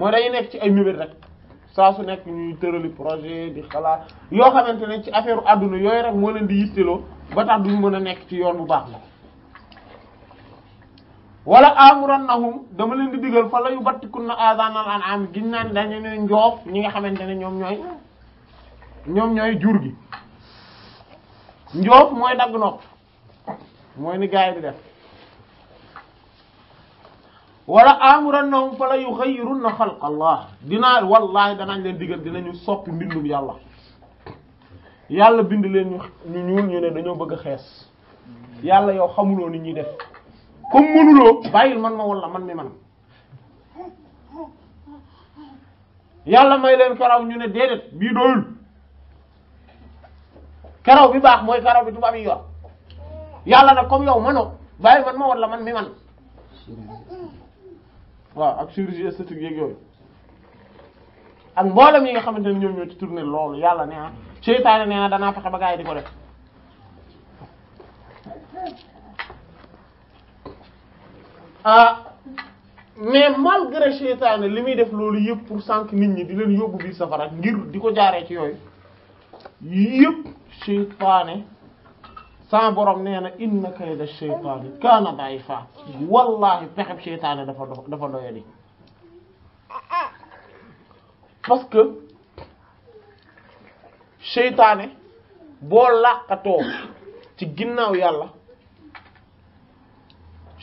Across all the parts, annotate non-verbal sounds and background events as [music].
mooy dañuy nekk ci ay mébét rek saa su nekk ñuy tërali projet di xalaat yoo xamante ne ci affaire àdduna yooyu rek moo leen di yitteloo ba tax duñu mën a nekk ci yoon bu baax la wala amurannahum dama leen di digal fa la yu battikun na azaanal an'am gis naa dañu ne njoof ñi nga xamante ne ñoom ñooy ñoom ñooy jur gi njoof mooy dagg nopp mooy ni gaay bi def wala amurannahum fala yughayyirunna xalqa allah dinaa wallaahi danaañ leen digal dinañu soppi mbindum yàlla yàlla bind leen ñu ñuul ñu ne dañoo bëgg a xees yàlla yow xamuloo ni ñuy def comme mënuloo bàyyil man ma wala man mi man yàlla may leen karaw ñu ne déedéet bii doyul karaw bi baax mooy karaw bi tubaab yi yor yàlla nag comme yow manoo bàyyil man ma wala man mi man waaw ak chirurgie esthétique yeeg yooyu ak mboolem yi nga xamante ne ñoom ñoo ci tourné loolu yàlla nee na seytaane nee danaa fexe ba gaa yi di ko def ah mais malgré seytaane li muy def loolu yëpp pour sànq nit ñi di leen yóbbu biir safara ngir di ko jaaree ci yooyu yëpp seytaane سان بروم نينا انك يد الشيطان كان ضعيفا والله فخم شيطان دا دا نوي دي باسكو شيطان بو لاقاتو تي غيناو يالا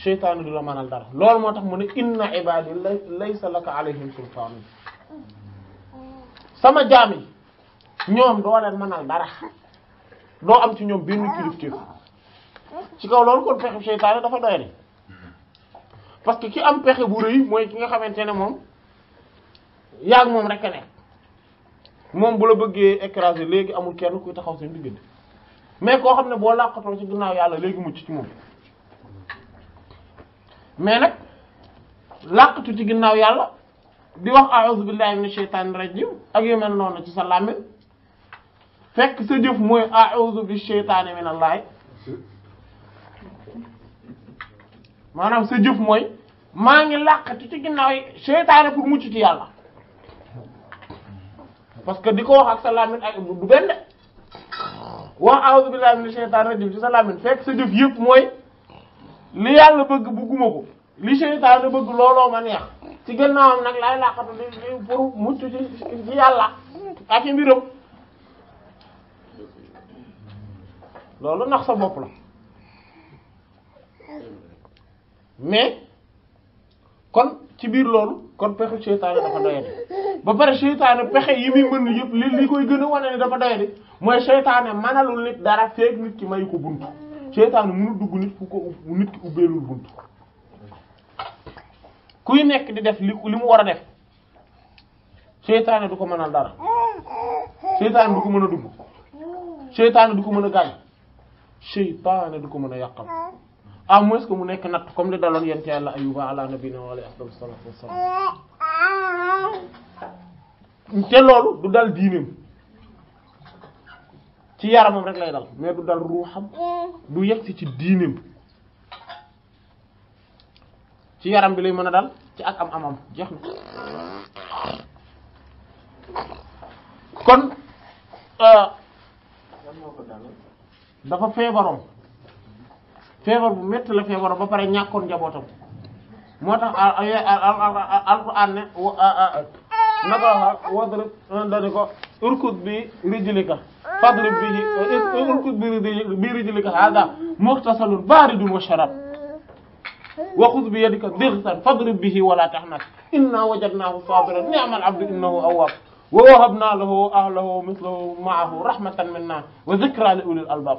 شيطان دولا مانال دار لول موتاخ مون ان عباد ليس لك عليهم سلطان سما جامي ñom do len manal doo am ci ñoom benn ah. kilifteef ci kaw loolu kon pexe seytaane dafa doy parce que ki am pexe bu rëy mooy ki nga xamante ne moom yaag moom rek a moom bu la bëggee écraser léegi amul kenn kuy taxaw seen diggante mais koo xam ne boo làqatoo ci ginnaaw yàlla léegi mucc ci moom mais nag làqatu ci ginnaaw yàlla di wax a'udhu billahi minash shaitanir rajim ak yu mel noonu ci sa làmmiñ fekk sa jëf mooy a'udhu bi sheytaani min allahi maanaam sa jëf mooy maa ngi làqati ci ginnaaw yi seytaane pour mucc ci yàlla parce que di ko wax ak sa làmmiñ ak du benn wax a'udhu billahi minash shaytanir rajim ci sa làmmiñ fekk sa jëf yëpp mooy li yàlla bëgg bëgguma ko li seytaane bëgg looloo ma neex ci ginnaawam nag laay làqatu di pour mucc ci ci yàlla ak i mbiram loolu nax sa bopp la mais kon ci biir loolu kon pexe seytaane dafa doyadi ba pare seytaane pexe yi muy mën yëpp li li koy gën a wane ne dafa doyadi mooy seytaane manalul nit dara feek nit ki may ko buntu seytaane mënul dugg nit fu ko ubbeelul buntu kuy nekk di def li li mu war a def seytaane du ko mënal dara seytaane du ko mën a dugg seytaane du ko mën a gaañ shaytan du ko meuna yakam hmm. a yàqal à moins que mu nek nat comme li dalon yent yalla ayuba ala nabina wa alayhi afdalu salaatu wassalaam te loolu du dal dinim ci yaramam rek lay dal mais du dal ruham du yegsi ci dinim ci yaram bi lay meuna dal ci ak am amam jeex na kon eh, dafa feebaroon feebar bu métti la feebaroon ba pare ñakoon jabotam motax tax alquran ne naka wadrib dani ko urkut bi rijlika fadrib bi urkut bi bi rijlika hada muxtasalun baridun wa sharab wa khudh bi yadika dighsan fadrib bihi wa la tahnas inna wajadnahu sabiran ni'mal abdu innahu awwab wa wahabna lahu ahlahu mithlahu ma'ahu rahmatan minna wa dhikra li ulil albab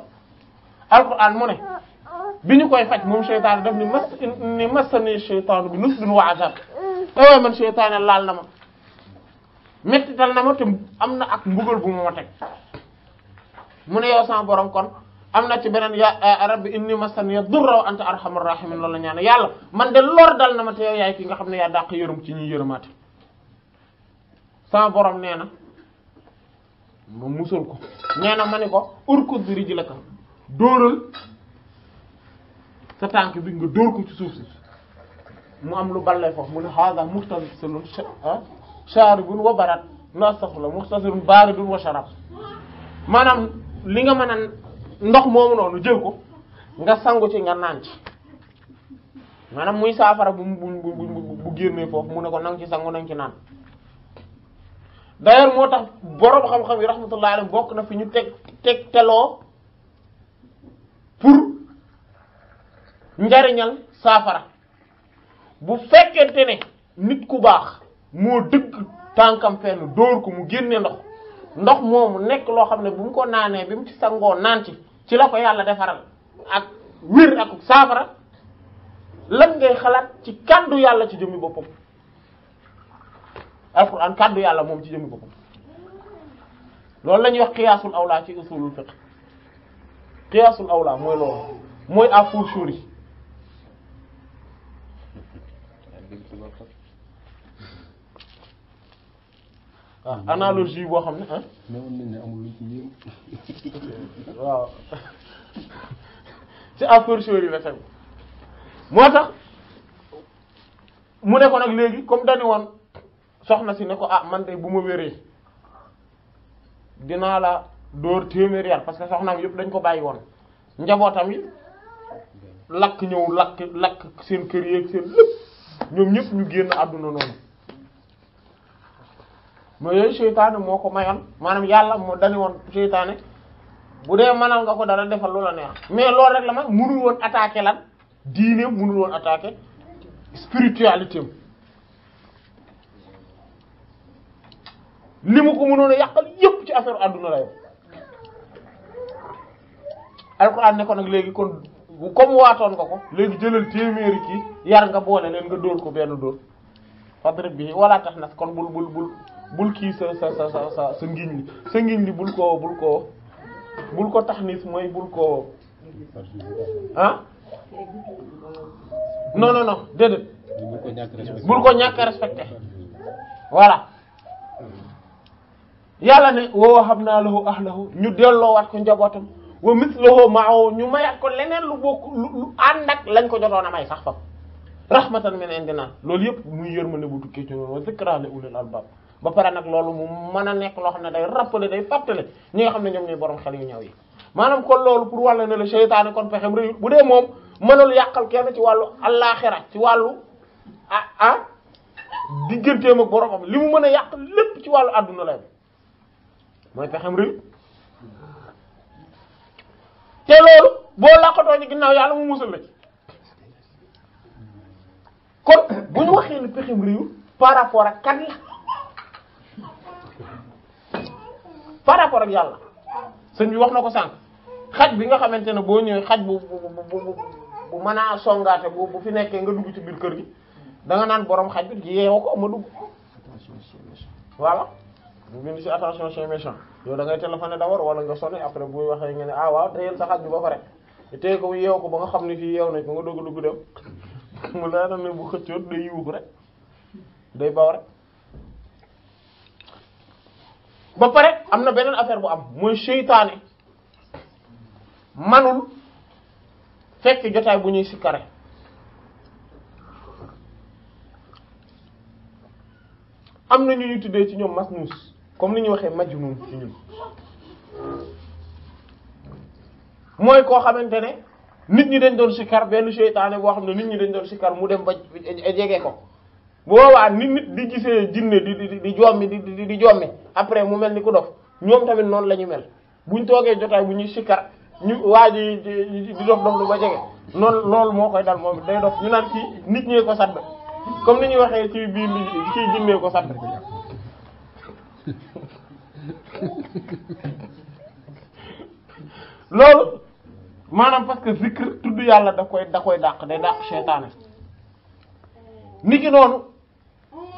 al mu ne ah, ah. bi ñu koy faj moom seytaane daf ni mas ni masani bi nusbin wa azab aywa mm. man seytaane laal na ma mettital na ma te am na ak mbugal bu moo teg mu ne yow sama borom kon am na ci beneen ya eh, rabbi inni masaniya durra wa anta arhamar rahimin loolu la ñaane yàlla man de lor dal na ma te yaay ki nga xam ne yaa dàq yërëm ci ñuy yërëmaate sama borom nee na ma musal ko nee na ma ni ko urkud bi dóoral sa tànk bi nga dóor ko ci suuf si mu am lu ballee foofu mu ne hada muxtasilun sharibun wa barat no astaghfirullah muxtasilun baridun wa sharab maanaam li nga mën a ndox moomu noonu jël ko nga sangu ci nga naan ci maanaam muy saafara bu bu bu génnee foofu mu ne ko nang ci sangu nang ci naan d'ailleurs moo tax borom xam-xam yi rahmatullahi alayhi bokk na fi ñu teg teg teloo pour njariñal saafara bu fekkente ne nit ku baax moo dëgg tànkam fenn dóor ko mu génne ndox ndox moomu nekk loo xam ne bu mu ko naanee bi mu ci sangoo naan ci ci la ko yàlla defaral ak wér ak saafara lan ngay xalaat ci kàddu yàlla ci jëmmi boppam alxuraan kàddu yàlla moom ci jëmmi boppam loolu la ñuy wax qiyaasul awlaa ci usulul fiqh qiyaasul awla mooy loolu mooy à fortiori ah, analogie boo xam ne ah. waaw [laughs] ci à fortiori la tamit moo tax mu ne ko nag léegi comme dañu si ne ko a ah, man de bu dóor téeméeri yar parce que soxnaam yëpp dañ ko bàyyi woon njabootam yi lakk ñëw lakk lakk seen kër yeeg seen lépp ñoom ñëpp ñu génn àdduna noonu mais yooyu seytaane moo ko mayoon maanam yàlla moo dani woon seytaane bu dee mënal nga ko dara defal loola neex mais loolu rek la ma mënul woon attaquer lan diineem mënul woon attaquer spiritualité li mu ko mënoon a yàqal yépp ci affaire àdduna la alquran ne ko nak léegi kon comme waton ko ko léegi jeulal temeri kii yar nga bolé len nga dor ko ben dor fadr bi wala tax nas kon bul bul bul bul ki sa sa sa sa sa sa ngiñ sa ngiñ ni bul ko bul ko bul ko tax nis bul ko ah non non non dedet bul ko ñak respecté voilà yalla ne wo xamna lahu ahlahu ñu wat ko njabotam wa mithluhu ma'ahu ñu mayaat ko leneen lu bokk lu ànd ak lañ ko jotoon a may sax fa rahmatan min indina loolu yëpp muy yërmande bu tukkee ci noonu wa zikra li ulil albab ba pare nag loolu mu mën a nekk loo xam ne day rappeler day fàttale ñi nga xam ne ñoom ñooy borom xel yu ñaw yi maanaam kon loolu pour wàllu ne la seytaane kon pexem réyul bu dee moom mënul yàqal kenn ci wàllu allaaxira ci wàllu ah ah digganteem ak boromam li mu mën a yàq lépp ci wàllu adduna la mooy te loolu boo laqatoo ci ginnaaw yàlla mu musul la ci kon bu ñu waxee ne pexem réew par rapport ak kan la par rapport ak yàlla sëñ bi wax na ko sànq xaj bi nga xamante ne boo ñëwee xaj bu bu bu bu mën a songaate bu bu fi nekkee nga dugg ci biir kër gi da nga naan borom xaj bi yeewu ko ma dugg voilà. bu bind ci attention chien méchant yow da ngay téléphoné d'abord wala nga sonné après buy waxee nga ne ah waaw teyel sa xaj bi ba pare tey ko yeew ko ba nga xam ne fii yeew nañ ko nga dugg dugg dem [laughs] mu laa ne bu xëccoon day yuuxu rek day baw rek ba pare am na beneen affaire bu am mooy seytaane manul fekk jotaay bu ñuy sikkare am na ñu ñu tuddee ci ñoom masnuus comme ni ñu waxee majnun ci ñun mooy koo xamante ne nit ñi dañ doon sikkar benn seytaane boo xam ne nit ñi dañ doon sikkar mu dem ba jege ko boo boobaa nit nit di gisee jinne di di di jommi di après mu mel ni ku dof ñoom tamit noonu la ñu mel buñ toogee jotaay bu ñuy sikkar ñu waa ji di dof dof lu ba jege noonu loolu moo koy dal moom day dof ñu naan ci nit ñee ko sadd comme ni ñuy waxee ci biir kii jinnee ko sadd [laughs] loolu maanaam parce que tudd yàlla da koy da koy dàq day dàq seytaane niki noonu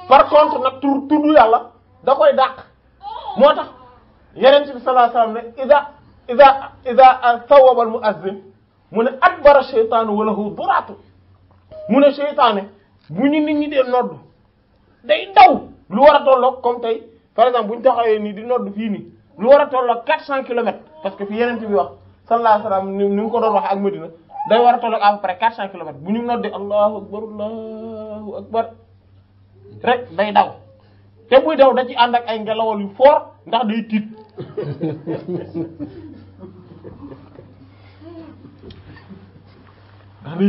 par contre nag tur tudd yàlla da koy dàq moo tax yeneen bi sallallahu ne ida ida ida sawaba al muazzin mu ne adbara seytaanu walahu duraatu mu ne bu ñu nit ñi day daw lu war a tolloog comme par exemple buñ taxawé ni di nodd fi ni lu wara tolo 400 km parce que fi yenen tibi wax sallallahu alayhi wasallam ni ngi ko doon wax ak Medina day wara tolo à peu près 400 km buñu ñu allahu akbar allahu akbar rek day daw té buy daw da ci and ak ay ngelawol yu fort ndax day tit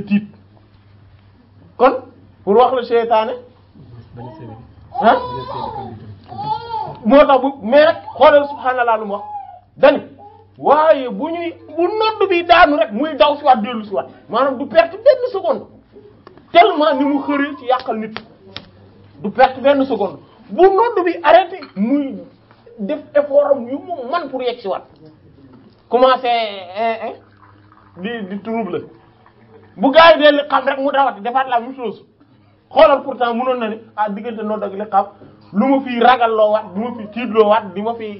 [laughs] day kon pour wax le shaytané moo tax bu mais rek xoolal subhaanallaa lu mu wax dani waaye bu ñuy bu nodd bi daanu rek muy daw si waat dellu si waat maanaam du perte benn seconde tellement ni mu xëree ci yàqal nit du perte benn seconde bu nodd bi arrêté muy def effort yu mu man pour yegg si waat commencé di di trouble bu gars yi dee li xam rek mu dawati defaat la même chose xoolal pourtant mënoon na ni ah diggante nodd ak li xam lu ma fi ragalloo waat du ma fi tiidloo waat di ma fi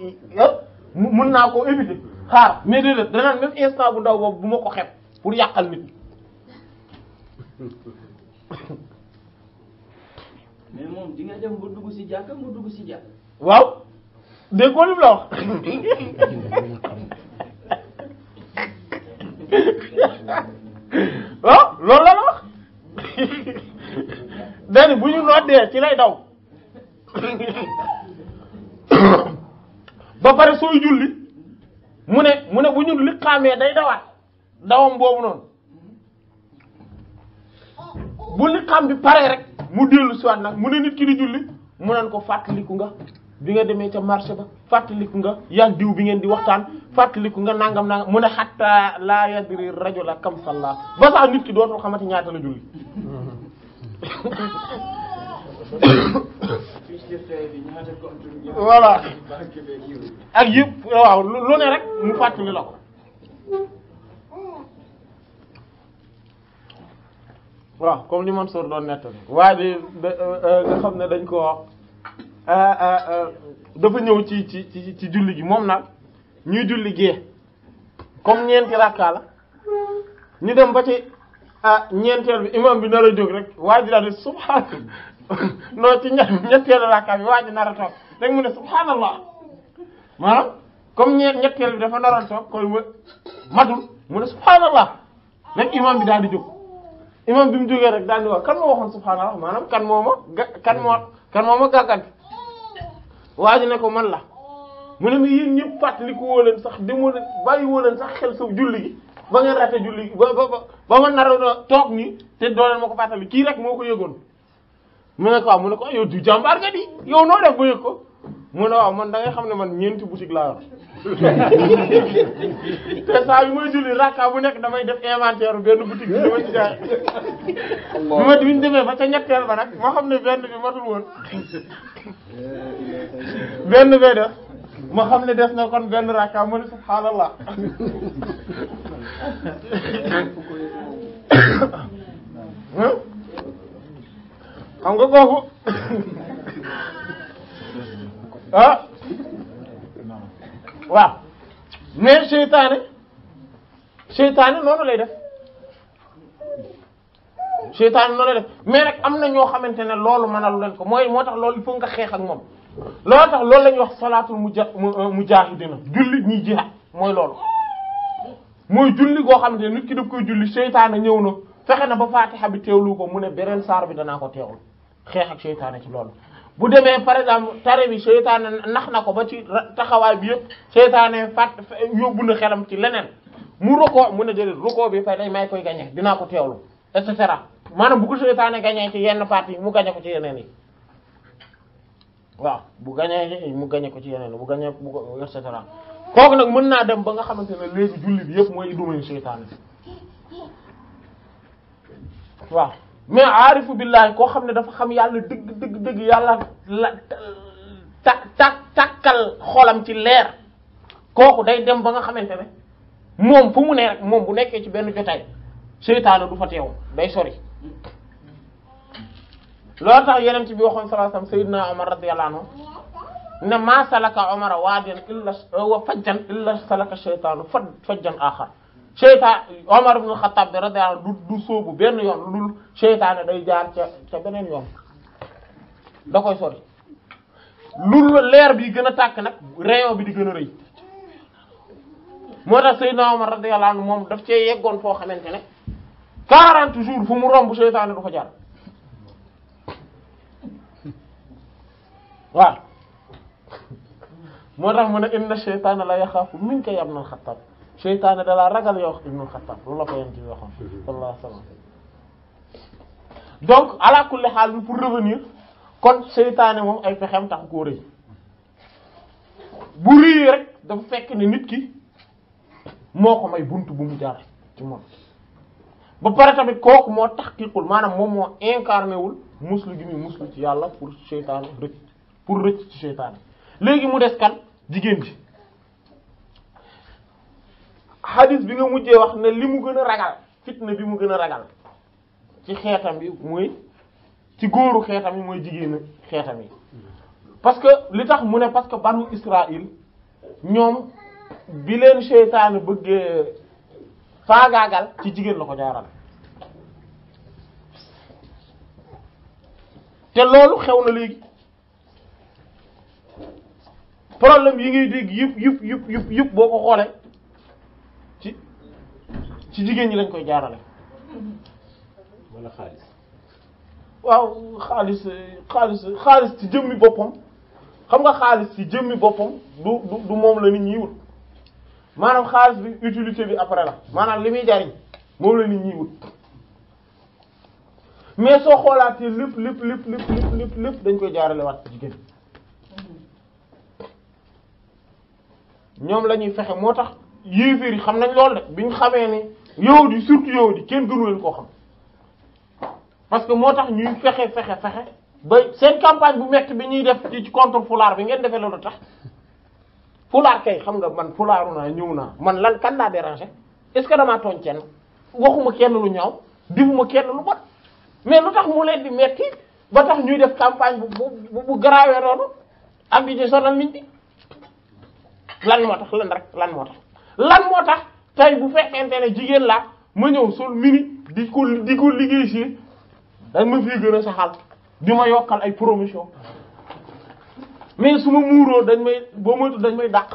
mun naa koo éviter xaar mais déedéet danaa même instant bu ndaw boobu bu ma ko xeeb pour yàqal nit mais moom di nga dem ba dugg ci jàkka mu dugg ci jàkka. waaw dégg ko lim la wax. waaw [laughs] oh, loolu la la wax. [laughs] dani bu ñu noddee ci lay daw. ba pare soy julli mune mune mu bu ñu li xame day dawaat dawam bobu non bu li xam bi pare rek mu delu ci wat nak mune nit ki di julli mu nan ko fàttaliku nga bi nga deme ci marché ba fàttaliku nga ya diw bi ngeen di waxtan fàttaliku nga nangam nangam mune hatta la yadri rajula kam salla ba sax nit ki dootul xamati ñaata la julli voilà ak yëpp waaw lu ne rek mu fàttali la ko waaw comme ni man soor doon nettali waa ji euh, euh, nga xamne dañ ko wax euh euh, euh dafa ñew ci ci ci julli gi mom nag ñuy julli ge comme ñenti rakka la ñu dem ba ci ah ñentel bi imam bi na a jóg rek waa ji daal di non [laughs] ci ñett ñetteelu rakka bi waa ji toog léegi mu ne subhaanallah maanaam comme ñetteel bi dafa naroon toog koy matul mu ne subhaanallah rek imam bi daal di jóg imam bi mu jógee rek daal di wax kan moo waxoon subhaanallah maanaam kan moo ma kan waa ji ne ko man la mu ne ma ñëpp fàttaliku woo leen sax demoo leen bàyyi woo leen sax xel sa julli gi ba ngeen rate julli gi ba ba ba ma naroon toog nii te doo leen ma ko fàttali kii rek moo ko yëgoon mune ko mu ko yow du jambar nga di yow no def ba yëg ko mu ne man da ngay xamne man ñeenti boutique la wax [laughs] te sa bi moy julli rakka bu nek damay def inventaire benn boutique dama ci jaar bi ma biñu demé fa ca ñettel ba nak mo xamne benn bi matul won benn be def mo xamne def na kon benn rakka mune subhanallah hmm? [laughs] xam nga kooku ah waaw mais seytaane seytaane noonu lay def seytaane noonu lay def mais nag am na ñoo xamante ne loolu mënalu leen ko mooy moo tax loolu il faut nga xeex ak moom loolu tax loolu la ñuy wax salaatul mujaahidina julli ñuy jihaad mooy loolu mooy julli goo xamante ne nit ki daf koy julli seytaane ñëw na fexe na ba faatiha bi teewlu ko mu ne beneen saar bi danaa ko teewlu xeex ak seytaane ci loolu bu demee par exemple tare bi seytaane nax na ko ba ci taxawaay bi yëpp seytaane fat yóbbu na xelam ci leneen mu roko mu a déedéet roko bi fay day may koy gañe dinaa ko teewlu et cetera maanaam bu ko seytaane gañee ci yenn yi mu gañe ko ci yeneen yi bu gañee mu gañe ko ci yeneen yi bu gañee bu ko et cetera kooku nag mën naa dem ba nga xamante ne léegi julli bi yëpp mooy domaine seytaane waaw mais aarifu billahi ko xamne dafa xam yàlla deug deug deug yàlla tak tak takal xolam ci leer koku day dem ba nga xamantene mom fu mu ne rek mom bu nekké ci benn jotay seytaane du fa tew day sori lo tax yeneen ci bi waxon sallallahu sayyidina Umar radiyallahu anhu na ma salaka Umar waadiyan illa wa fajjan illa salaka shaytaanu fajjan akhar seytaan Omar ibn Khattab bi radiyallahu du sóobu benn yoon lu dul seytaane day jaar ca beneen yoon da koy sori lu leer bi gën a tàkk nag rayon bi di gën a rëy moo tax Seydina Omar radiyallahu moom daf cee yeggoon foo xamante ne 40 jours fu mu romb seytaane du ko jaar waaw moo tax mu ne inna seytaane la yaxaafu minka ya ibn al-Khattab seytaane dalaa ragal yow Ibnul Xattaab la ko yéen ci waxoon sallallahu alayhi wa sallam donc ala xaal bi pour revenir kon seytaane moom ay pexem taxu koo rëy bu rëy rek dafa fekk ni nit ki moo ko may bunt bu mu jaar ci moom ba pare tamit kooku moo tax taxqiqul maanaam moom moo incarné wul gi muy muslu ci yàlla pour seytaane rëcc pour rëcc ci seytaane léegi mu des kan jigéen ji xadis bi nga mujjee wax ne li mu gën a ragal fitna bi mu gën a ragal ci xeetam bi mooy ci góoru xeetam yi mooy jigéenu xeetam yi parce que li tax mu ne parce que banu Israël ñoom bi leen seytaane bëggee faagaagal ci jigéen la ko jaaral te loolu xew na léegi problème yi ngay dégg yëpp yëpp yëpp yëpp yëpp boo ko xoolee ci jigéen ñi lañ koy jaarale [laughs] wala xaalis waaw xaalis xaalis xaalis ci jëmmi boppam xam nga xaalis ci jëmmi boppam du du moom la nit ñi maanaam xaalis bi utilité bi après la maanaam li muy jariñ moom la nit mais soo xoolaatee lépp lépp lépp lépp lépp lépp lépp dañ koy jaarale waat ci jigéen mm-hmm. ñoom la ñuy fexe moo tax yéeféer yi xam nañ lool de biñ xamee ni yow di surtout yow di kenn xam parce que motax ñuy ba campagne bu metti bi contre foulard, bi ngeen defé tax foulard kay xam nga man man lan kan déranger est ce que dama toncien waxuma lu lu mais lutax leen di metti ba tax ñuy def campagne bu bu di lan lan rek lan lan tey bu fekkente ne jigéen laa ma ñëw sol mini di ko di ko liggéey si dañ ma fii gën a saxal di ma yokkal ay promotion mais su ma muuroo dañ may boo moytu dañ may dàq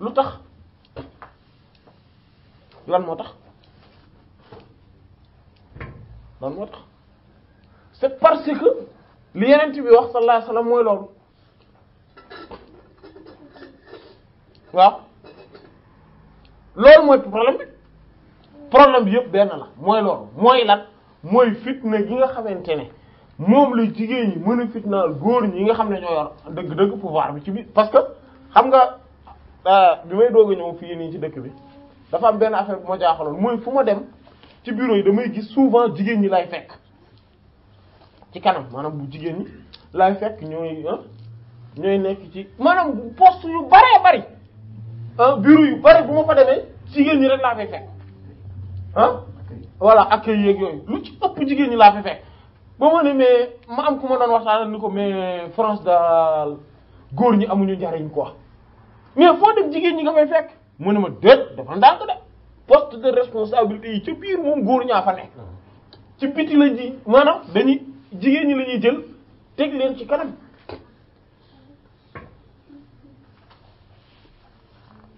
lu tax lan moo tax lan moo tax c'est parce que li yenent bi wax sallallahu alayhi wasallam mooy loolu waaw loolu mooy problème bi problème bi yëpp benn la mooy loolu mooy lan mooy fitna gi nga xamante ne moom la jigéen ñi mën a fitnaal góor ñi nga xam ne ñoo yor dëgg-dëgg pouvoir bi ci biir parce que xam nga euh, bi may doog a ñëw fii nii ci dëkk bi dafa am benn affaire bu ma mooy fu ma dem ci bureau yi damay gis souvent jigéen ñi lay fekk ci kanam manam bu jigéen ñi lay fekk ñooy ñooy nekk ci maanaam poste yu baree bari bureau yu bari bu ma fa demee jigéen ñi rek laa fay fekk ah voilà accueil yeeg yooyu lu ci ëpp jigéen ñi laa fay fekk ba ma ne mais ma am ku ma doon waxtaanal ni ko mais France daal góor ñi amuñu njariñ quoi mais foo dem jigéen ñi nga fay fekk mu ne ma déet dafa ndànk de poste de responsabilité yi ca biir moom góor ñaa fa nekk ah. ci biti la ji maanaam dañuy jigéen ñi lañuy jël teg leen ci kanam.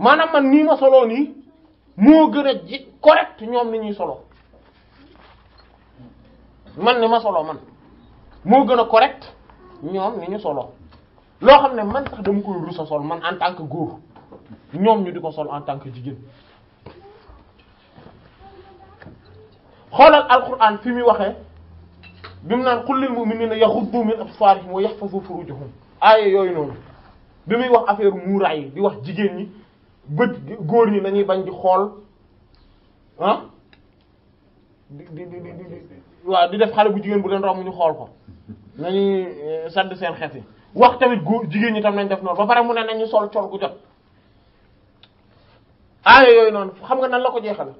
manam man ni ma solo ni mo geuna correct ñom ni ñuy solo man ni ma solo man mo geuna correct ñom ni ñu solo lo xamne man sax dama ko rusa sol man en tant que goor ñom ñu diko en tant que xolal alquran fi mi waxe bimu nan naan qul lil mu'minina yakhuddu min absarihim wa yahfazu furujahum aya yoy non bimu wax affaire mouray di wax jigen ni bët góor yi nañuy bañ di xool ah di def xale bu jigéen bu leen romb ñu xool ko nañuy eh, sadd seen xef yi wax tamit góor jigéen ñi tam nañ def noonu ba pare mu ne nañu sol col gu jot aaya yooyu noonu xam nga nan la ko jeexal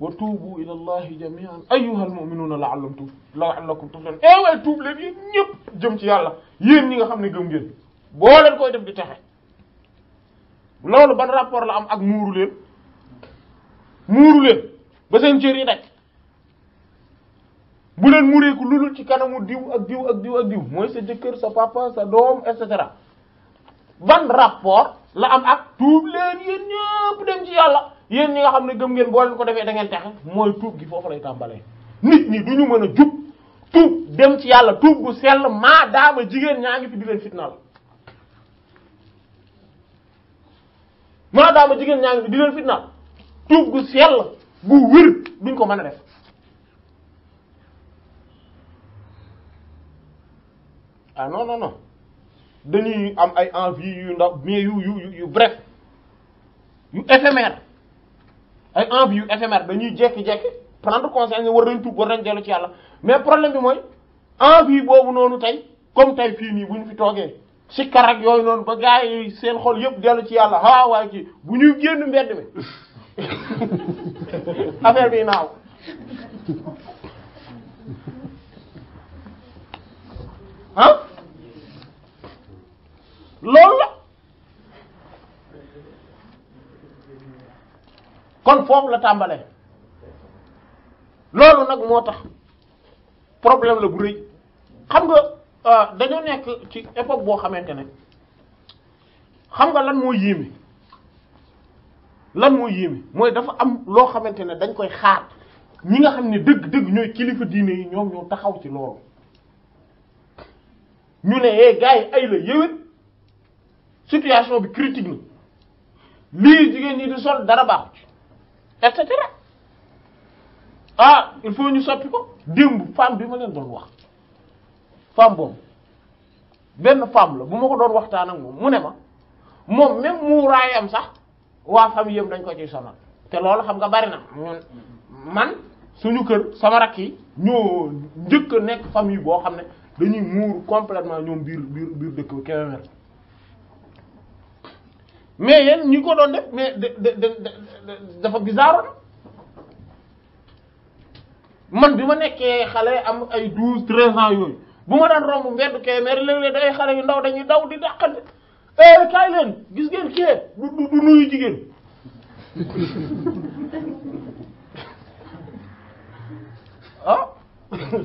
wa tuubu ila allahi jami'an ayyuhal mu'minuna la'allakum tuub la'allakum tuflihun eh waaye tuub leen yéen ñëpp jëm ci yàlla yéen ñi nga xam ne gëm ngeen boo leen koy def di texe lolu ban rapport la am ak muru len muru len ba sen cër yi daj bu len muré ko dul ci kanamu diw ak diw ak diw ak diw moy sa jeuker sa papa sa dom et cetera ban rapport la am ak tout len yeen ñepp dem ci yalla yeen ñi nga xamne ne gëm ngeen bo len ko defé da ngeen tax moy tout gi fofu lay tambalé nit ñi duñu mëna jup tout dem ci yalla tout gu sel ma daama jigen ñangi ngi fi di len fitnal ma maadaama jigéen ñaa ngi fi di leen fitnaal tuub gu sell gu wér duñ ko mën a def ah non non am ay envie yu ndaw mais yu yu yu bref yu éphémère ay envie yu éphémère dañuy jékki-jékki prendre conscience war nañ tuub war nañ ci yàlla mais problème bi mooy envie boobu noonu tey comme tey fii nii bu fi toogee sikkar ak yooyu noonu ba gaa seen xol yëpp dellu ci yàlla ah waaye ci bu ñuy génn mbedd mi [laughs] affaire bi naaw. ah loolu la kon foofu la tàmbale loolu nag moo tax problème la bu rëy xam Euh, dañoo nekk ci époque boo xamante ne xam nga lan moo yéeme lan moo yéeme mooy dafa am loo xamante ne dañ koy xaar ñi nga xam ne dëgg-dëgg ñooy kilifa diine yi ñoom ñoo taxaw ci loolu ñu ne eh gars ay la yéwén situation bi critique na lii jigéen ñi di sol dara baaxu ci et cetera ah il faut ñu sotti ko démb femme bi ma leen doon wax. femme boobu benn femme la bu ma ko doon waxtaan ak moom mu ne ma moom même am sax waa famille yëpp dañ ko ciy sonal te loolu xam nga bari na ñun man suñu kër sama rakk yi ñoo njëkk a nekk famille boo xam ne dañuy muur completement ñoom biir biir biir dëkk Kébémer mais yéen ñi ko doon def mais da da dafa bizarre man bi ma nekkee xale am ay douze treize ans yooyu bu ma daan romb mbedd Kébémer léeg-léeg day xale yu ndaw dañuy daw di dàqante eh kaay leen gis ngeen kii du nuyu jigéen [laughs] ah [laughs]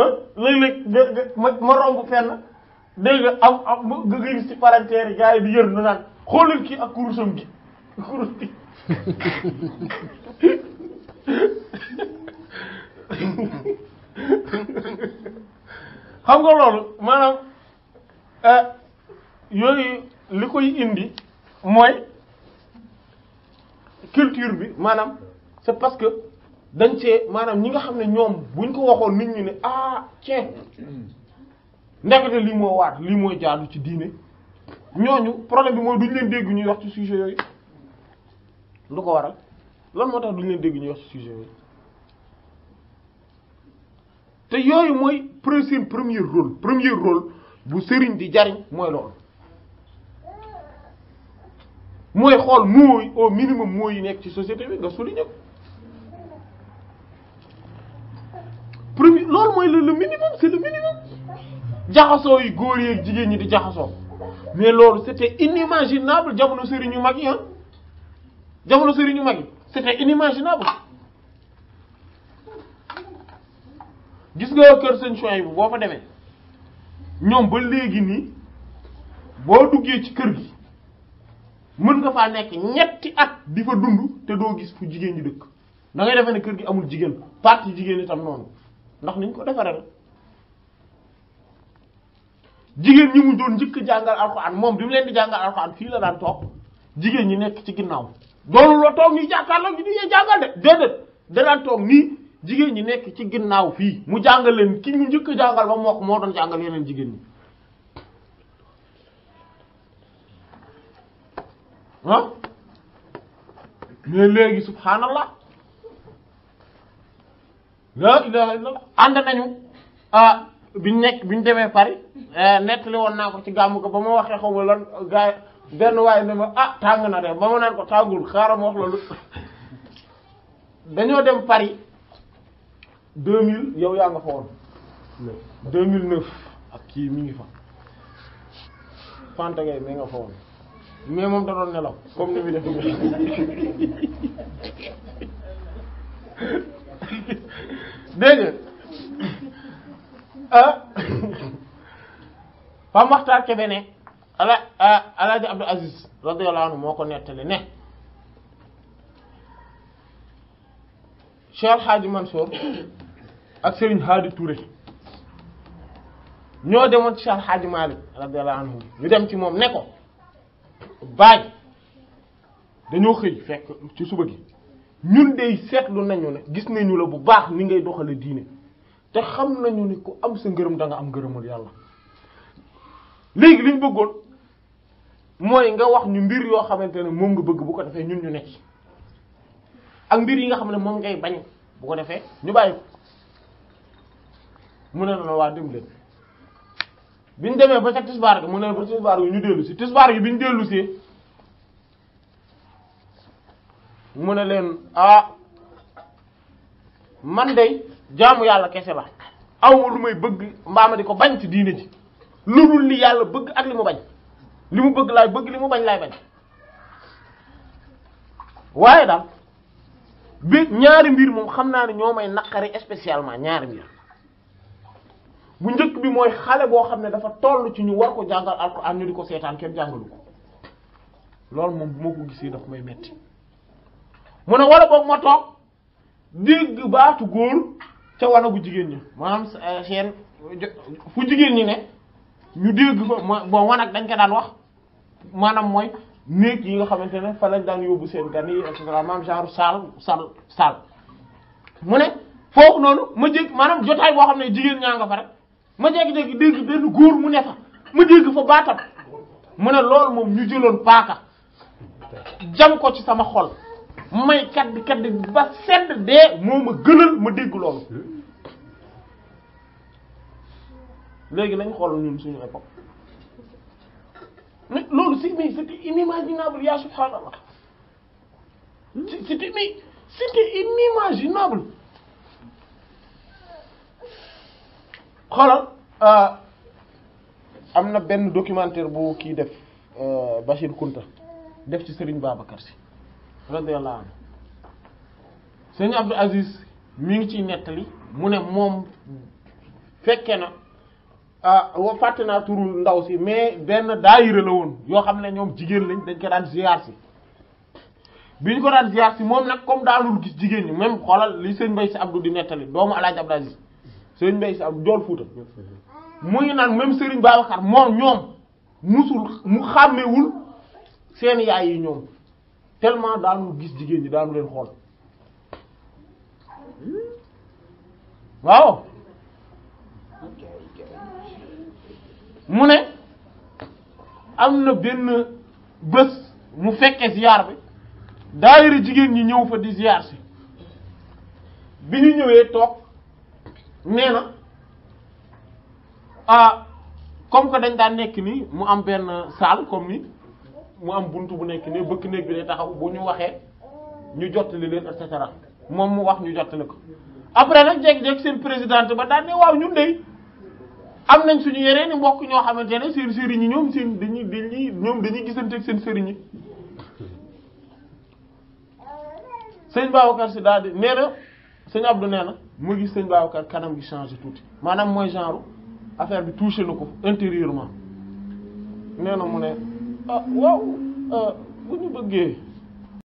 ah léeg-léeg nga ma ma romb fenn dégg nga am am nga gis ci parenthèse gars yi di yër naan xoolal kii ak kurusam gi kurus gi. xam nga loolu maanaam euh, yooyu li koy indi mooy culture bi maanaam c'est parce que dañ cee maanaam ñi nga xam ne ñoom buñ ko waxoon nit ñi ne ah tiens ndekete lii moo waat lii mooy jaadu ci diine ñooñu problème bi mooy duñ leen dégg ñuy wax ci sujet lu ko waral lan motax duñu duñ leen ñu wax sujet yooyu te yoy moy premier premier rôle premier rôle bu sëriñ di jariñ moy lool moy xol moy au minimum moy yi nekk ci société bi nga souligner premier lool moy le minimum c'est le minimum jaxaso yi goor yi ak jigéen yi di jaxaso mais lool c'était inimaginable jamono sëriñ yu mag yi hein. jamono sëriñu mag yi c'était inimaginable gis nga kër seen choix yi boo fa demee ñoom ba léegi nii boo duggee ci kër gi mën nga faa nekk ñetti at di fa dund te doo gis fu jigéen ñi dëkk da ngay defee kër gi amul jigéen partie jigéen itam noonu ndax niñ ko defaree jigéen ñi mu doon njëkk jàngal alxuraan moom bi mu leen di jàngal alxuraan fii la daan toog jigéen ñi nekk ci ginnaaw. doonu la toog ñu jàkkaarloo ñu di ñuy jàngal de déedéet toog nii jigéen ñi nekk ci ginnaaw fii mu jàngal leen ki ñu njëkk jàngal ba mu wax moo doon jàngal yeneen jigéen ñi ah mais léegi subhaanallah la ilaha illallah ànd nañu ah ñu nekk biñ demee Paris eh, nettali woon naa ko ci gàmm ko ba ma waxee xaw ma gaay benn waaye ne ma ah tàng na de ba ma naan ko tàngul xaaral ma wax la lu dañoo dem Paris 2000 yow yaa nga fa woon 2009 ak kii mi ngi fa Fantagay mi nga fa woon mais moom da doon nelaw comme ni muy def dégg nga ah [laughs] Pape Makhtar ne ala alaaji Abdou Aziz radiyallahu anhu moo ko nettali ne Cheikh Hadji Mansour ak Serigne Hadi Touré ñoo demoon ci Cheikh Hadji Malick radiyallahu anhu ñu dem ci moom ne ko baaj dañoo xëy fekk ci suba gi ñun dey seetlu nañu ne gis nañu la bu baax ni ngay doxale diine te xam nañu ni ku am sa ngërëm danga am ngërëmul yàlla léegi liñ bëggoon moy nga wax ñu mbir yo xamantene mom nga bëgg bu ko defé ñun ñu nekk ak mbir yi nga xamantene mom ngay bañ bu ko defé ñu bàyyi mu ne la wa dem leen biñ démé ba ca tisbar mu ne ba tisbar gi ñu déllu si tisbar gi biñ déllu ci mu ne leen ah man day jaamu yalla kessé ba awu lu may bëgg mbaama diko bañ ci diiné ji lu dul li yalla bëgg ak li mu bañ li mu bëgg laay bëgg li mu bañ laay bañ waaye daal bi ñaari mbir moom xam naa ne ñoo may naqari spécialement ñaari mbir bu njëkk bi mooy xale boo xam ne dafa toll ci ñu war ko jàngal alxuraan ñu di ko seetaan kenn jàngalu ko loolu moom bu ma ko gisee daf may metti mu ne wala boog ma toog baatu góor ca wanagu jigéen ñi maanaam eh, seen fu jigéen ñi ne ñu dégg ko bo bon wanag dañ ko daan wax manam moy néeg yi nga xamantene fa lañ daan yobu seen gan yi et cetera manam genre sal sal sal mu ne fofu nonu ma jégg manam jotay bo xamné jigen jigéen nga fa rek ma jégg dégg dégg ben goor mu ne fa ma dégg fa baatam mu ne lool mom ñu jëlon paaka jam ko ci sama xol may kaddi kaddi ba sedd dee moma ma gënal ma dégg lool léegi nañ xool ñun suñu époque mais loolu si mais c'était inimaginable yaa subhaanallah c'était mais c'était inimaginable xoolal euh, am na benn documentaire bu kii def euh, Bachir Kounta def ci Serigne Babacar Sy radiyallahu anhu Serigne Abdou Aziz mi ngi ci nettali mu ne moom fekke na Ah, wa fàtte naa turul ndaw si mais benn daayira la woon yoo xam ne ñoom jigéen lañ dañ ko daan ziar si bi ñu ko daan ziar si moom nag comme daanul gis jigéen ñi même xoolal li sëñ Mbaye si Abdou di nettali doomu Alaaji Abdou Aziz sëñ Mbaye si Abdou Jool Fuuta mu ngi naan même Serigne Babacar moom ñoom musul mu xàmmewul seen yaay yi ñoom tellement daanul gis jigéen ñi daanu leen xool waaw mu ne am na benn bés mu fekkee ziyaar bi daayira jigéen ñi ñëw fa di ziyaar si bi ñu ñëwee toog nee na ah comme que dañ daan nekk nii mu am benn salle comme ni mu am bunt bu nekk nii bëkk néeg bi day taxaw bu ñu waxee ñu jottali leen et cetera moom mu wax ñu jottali ko après na jékki-jékki seen présidente ba daan ne waaw ñun de am nañ suñu yeneen i mbokk ñoo xamante ne seen sëriñ yi ñoom seen dañuy dañuy ñoom dañuy gisante ak seen sëriñ yi sëñ Babacar si daal di nee na sëñ Abdou nee na mu gis sëñ Babacar kanam gi changé tuuti maanaam mooy genre affaire bi touché na ko intérieurement nee na mu waw ah waaw euh, bu